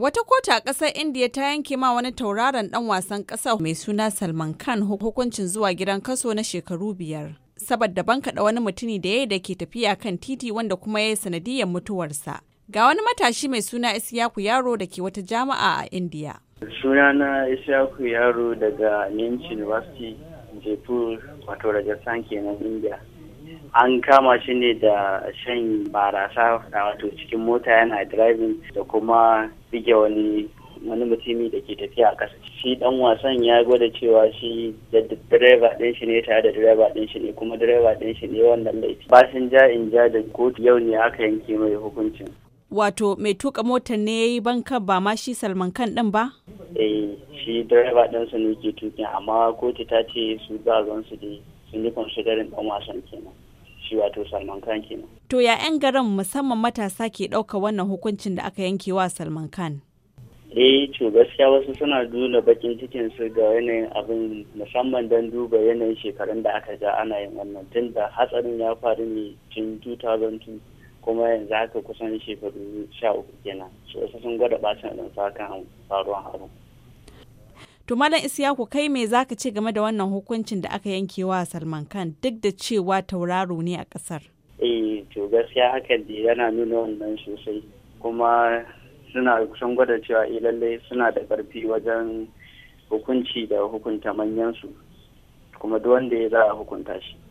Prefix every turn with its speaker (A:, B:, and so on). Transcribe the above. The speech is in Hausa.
A: Wata kotu a ƙasar Indiya ta yanke ma wani tauraron ɗan wasan ƙasa mai suna Salman Khan hukuncin zuwa gidan kaso na shekaru biyar. Saboda bankaɗa wani mutumi da ya yi da ke tafiya kan titi wanda kuma ya yi sanadiyar mutuwarsa. Ga wani matashi mai suna Isiyaku Yaro da ke wata jama'a a Indiya.
B: Sunana Isiyaku Yaro daga Ninchin University, Jaipur, wato Rajasthan kenan India. an kama shi ne da shan barasa a wato cikin mota yana driving da kuma bige wani wani mutumi da ke tafiya a ƙasa shi dan wasan ya gwada cewa shi da direba din shi ne tare da direba din shi ne kuma direba din shi ne wannan laifi fasinja in ja da kotu yau ne aka yanke mai hukuncin
A: wato mai tuka motar ne ya yi banka ba ma shi salman kan ɗin ba eh
B: shi direba din su ne ke tukin amma kotu ta ce su zan su dai sun yi considering ɗan wasan kenan shi wato salman khan kenan
A: to ya 'yan garin musamman matasa ke ɗauka wannan hukuncin da aka yanke wa salman khan
B: eh to gaskiya wasu suna duna bakin cikin su ga yanayin abin musamman don duba yanayin shekarun da aka ja ana yin wannan tun da hatsarin ya faru ne tun 2002 kuma yanzu haka kusan shekaru sha uku kenan su sun gwada bacin ɗan sa kan faruwan abu
A: To Malam Isiyaku kai me zaka ce game da wannan hukuncin da aka yanke wa Salman Khan duk da cewa tauraro ne a ƙasar?
B: Eh to gaskiya hakan da yana nuna wannan sosai kuma suna sun gwada cewa eh lallai suna da ƙarfi wajen hukunci da hukunta manyansu kuma duk wanda ya za a hukunta shi.